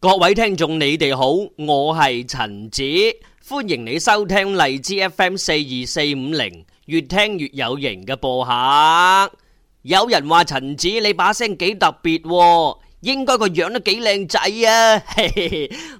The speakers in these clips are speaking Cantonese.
各位聽眾，你哋好，我係陳子，歡迎你收聽荔枝 FM 四二四五零，越聽越有型嘅播客。有人話陳子你把聲幾特別，應該個樣都幾靚仔啊！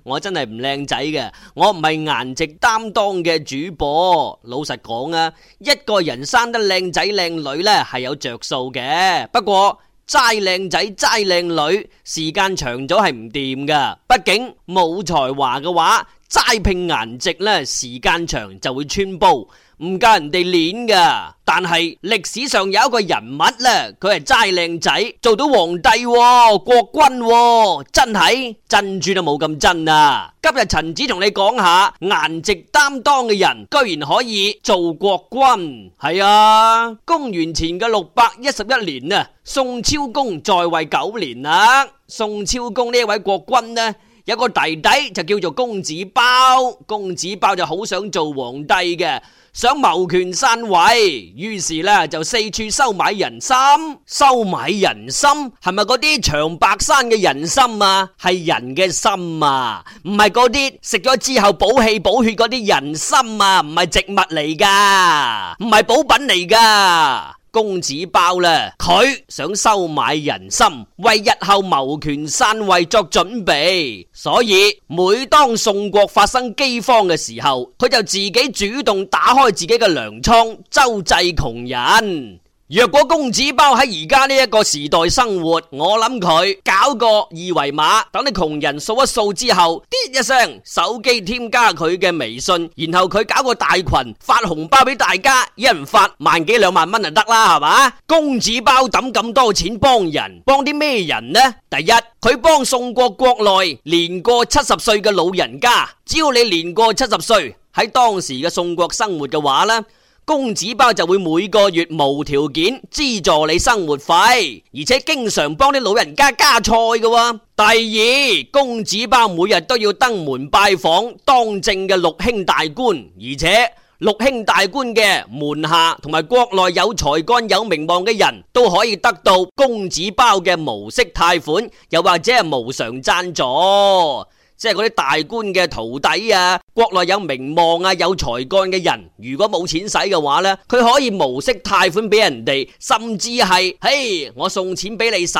我真係唔靚仔嘅，我唔係顏值擔當嘅主播。老實講啊，一個人生得靚仔靚女呢係有着數嘅。不過，齋靚仔齋靚女，時間長咗係唔掂㗎，畢竟冇才華嘅話。齋拼顏值咧，時間長就會穿煲，唔教人哋鏈噶。但係歷史上有一個人物咧，佢係齋靚仔，做到皇帝、喎、國君、喎，真係珍珠都冇咁真啊！今日陳子同你講下，顏值擔當嘅人居然可以做國君，係啊！公元前嘅六百一十一年啊，宋昭公在位九年啦。宋昭公呢一位國君呢？有個弟弟就叫做公子鮑，公子鮑就好想做皇帝嘅，想謀權篡位，於是咧就四處收買人心，收買人心係咪嗰啲長白山嘅人參啊？係人嘅心啊，唔係嗰啲食咗之後補氣補血嗰啲人參啊，唔係植物嚟噶，唔係補品嚟噶。公子包啦！佢想收買人心，為日後謀權篡位作準備，所以每當宋國發生饑荒嘅時候，佢就自己主動打開自己嘅糧倉，周濟窮人。若果公子包喺而家呢一個時代生活，我諗佢搞個二維碼，等啲窮人掃一掃之後，滴一聲手機添加佢嘅微信，然後佢搞個大群發紅包俾大家，一人發萬幾兩萬蚊就得啦，係嘛？公子包抌咁多錢幫人，幫啲咩人呢？第一，佢幫宋國國內年過七十歲嘅老人家，只要你年過七十歲喺當時嘅宋國生活嘅話呢，公子包就會每個月無條件資助你生活費，而且經常幫啲老人家加菜嘅。第二，公子包每日都要登門拜訪當政嘅六卿大官，而且六卿大官嘅門下同埋國內有才幹有名望嘅人都可以得到公子包嘅無息貸款，又或者係無償贊助。即係嗰啲大官嘅徒弟啊，國內有名望啊、有才幹嘅人，如果冇錢使嘅話呢，佢可以無息貸款俾人哋，甚至係，嘿，我送錢俾你使。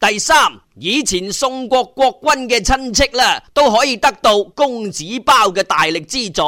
第三，以前宋國國君嘅親戚呢，都可以得到公子包嘅大力資助。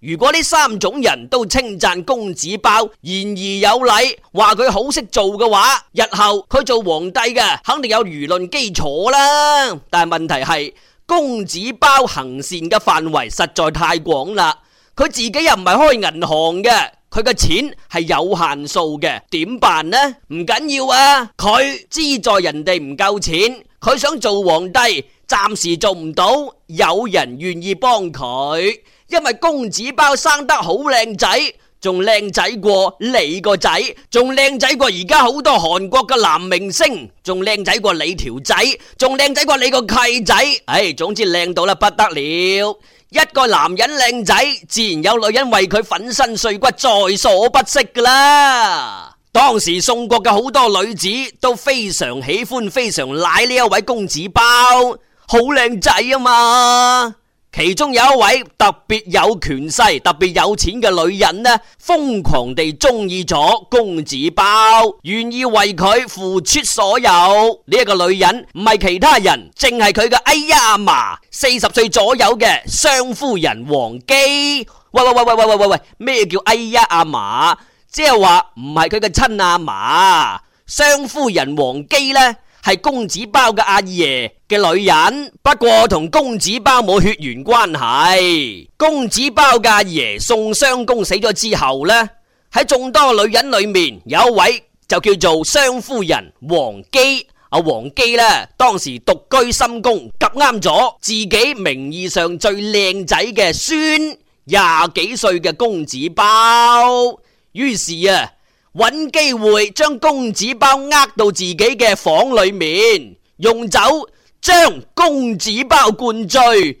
如果呢三種人都稱讚公子包言而有禮，話佢好識做嘅話，日後佢做皇帝嘅肯定有輿論基礎啦。但係問題係。公子包行善嘅範圍實在太廣啦，佢自己又唔係開銀行嘅，佢嘅錢係有限數嘅，點辦呢？唔緊要啊，佢資助人哋唔夠錢，佢想做皇帝，暫時做唔到，有人願意幫佢，因為公子包生得好靚仔。仲靚仔過你個仔，仲靚仔過而家好多韓國嘅男明星，仲靚仔過你條仔，仲靚仔過你個契仔，唉、哎，總之靚到啦不得了。一個男人靚仔，自然有女人為佢粉身碎骨在所不惜噶啦。當時宋國嘅好多女子都非常喜歡、非常賴呢一位公子包，好靚仔呀嘛。其中有一位特別有權勢、特別有錢嘅女人呢，瘋狂地中意咗公子包，願意為佢付出所有。呢、這、一個女人唔係其他人，正係佢嘅哎呀阿嫲，四十歲左右嘅雙夫人王姬。喂喂喂喂喂喂喂，咩叫哎呀阿嫲？即係話唔係佢嘅親阿嫲，雙夫人王姬呢？係公子包嘅阿爺嘅女人，不過同公子包冇血緣關係。公子包嘅阿爺宋襄公死咗之後呢，喺眾多女人裏面，有一位就叫做襄夫人王姬。阿、啊、王姬呢，當時獨居深宮，及啱咗自己名義上最靚仔嘅孫廿幾歲嘅公子包。於是啊～搵機會將公子包呃到自己嘅房裏面，用酒將公子包灌醉。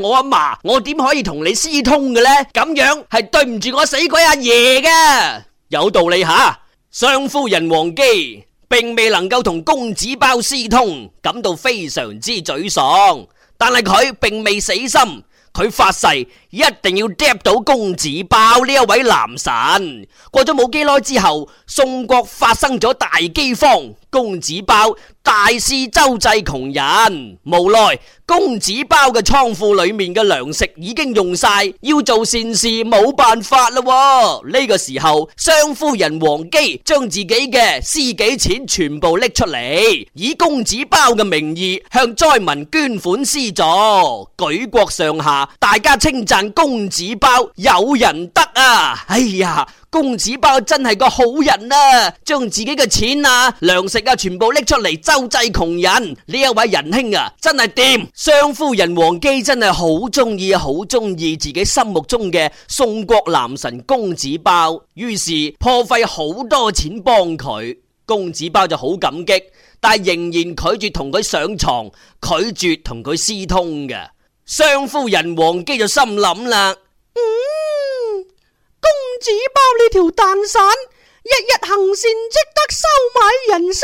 我阿嫲，我點可以同你私通嘅呢？咁樣係對唔住我死鬼阿爺嘅，有道理吓。襄夫人王姬並未能夠同公子包私通，感到非常之沮喪。但係佢並未死心，佢發誓一定要 trap 到公子包呢一位男神。過咗冇幾耐之後，宋國發生咗大饑荒。公子包大肆周濟窮人，無奈公子包嘅倉庫裏面嘅糧食已經用晒，要做善事冇辦法啦喎。呢個時候，商夫人王姬將自己嘅私己錢全部拎出嚟，以公子包嘅名義向災民捐款施助，舉國上下大家稱讚公子包有仁德啊！哎呀～公子包真係個好人啊！將自己嘅錢啊、糧食啊，全部拎出嚟周濟窮人。呢一位仁兄啊，真係掂。襄夫人王姬真係好中意、好中意自己心目中嘅宋國男神公子包。於是破費好多錢幫佢，公子包就好感激，但仍然拒絕同佢上床，拒絕同佢私通嘅。襄夫人王姬就心諗啦。嗯呢條蛋散，日日行善，積德收買人心，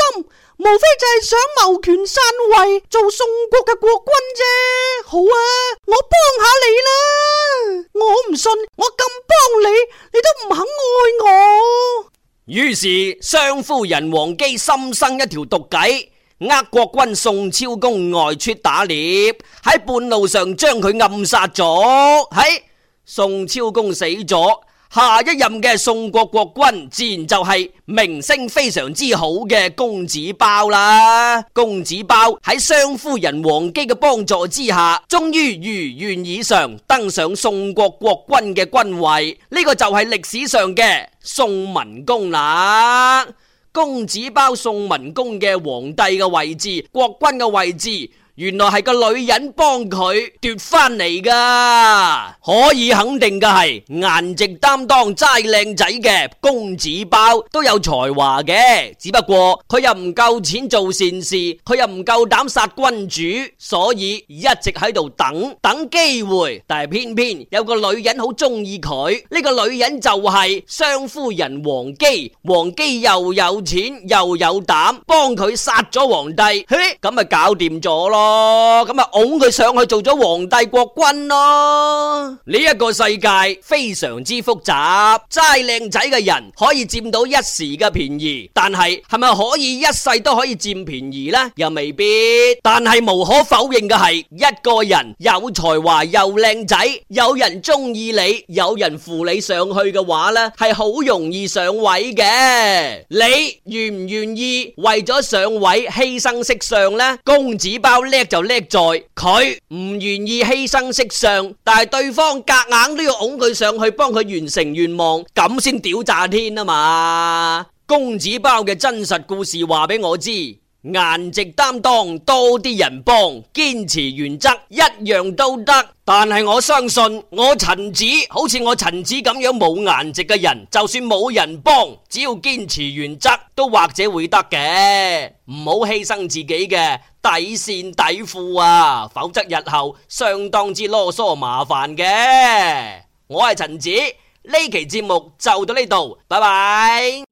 無非就係想謀權篡位，做宋國嘅國君啫。好啊，我幫下你啦。我唔信，我咁幫你，你都唔肯愛我。於是，襄夫人王姬心生一條毒計，呃國君宋昭公外出打獵，喺半路上將佢暗殺咗。喺、哎、宋昭公死咗。下一任嘅宋國國君，自然就係名聲非常之好嘅公子包啦。公子包喺襄夫人王姬嘅幫助之下，終於如願以償登上宋國國君嘅君位。呢、這個就係歷史上嘅宋文公啦。公子包宋文公嘅皇帝嘅位置，國君嘅位置。原來係個女人幫佢奪翻嚟噶。可以肯定嘅係顏值擔當齋靚仔嘅公子包都有才華嘅，只不過佢又唔夠錢做善事，佢又唔夠膽殺君主，所以一直喺度等等機會。但係偏偏有個女人好中意佢，呢、這個女人就係商夫人黃姬，黃姬又有錢又有膽，幫佢殺咗皇帝，嘿，咁咪搞掂咗咯。哦，咁啊，拱佢上去做咗皇帝國君咯。呢一個世界非常之複雜，齋靚仔嘅人可以佔到一時嘅便宜，但係係咪可以一世都可以佔便宜呢？又未必。但係無可否認嘅係，一個人有才華又靚仔，有人中意你，有人扶你上去嘅話呢，係好容易上位嘅。你願唔願意為咗上位犧牲色相呢？公子包叻就叻在佢唔願意犧牲色相，但係對方夾硬硬都要拱佢上去幫佢完成願望，咁先屌炸天啊嘛！公子包嘅真實故事話俾我知，顏值擔當多啲人幫，堅持原則一樣都得。但係我相信我陳子，好似我陳子咁樣冇顏值嘅人，就算冇人幫，只要堅持原則。都或者會得嘅，唔好犧牲自己嘅底線底褲啊，否則日後相當之囉嗦麻煩嘅。我係陳子，呢期節目就到呢度，拜拜。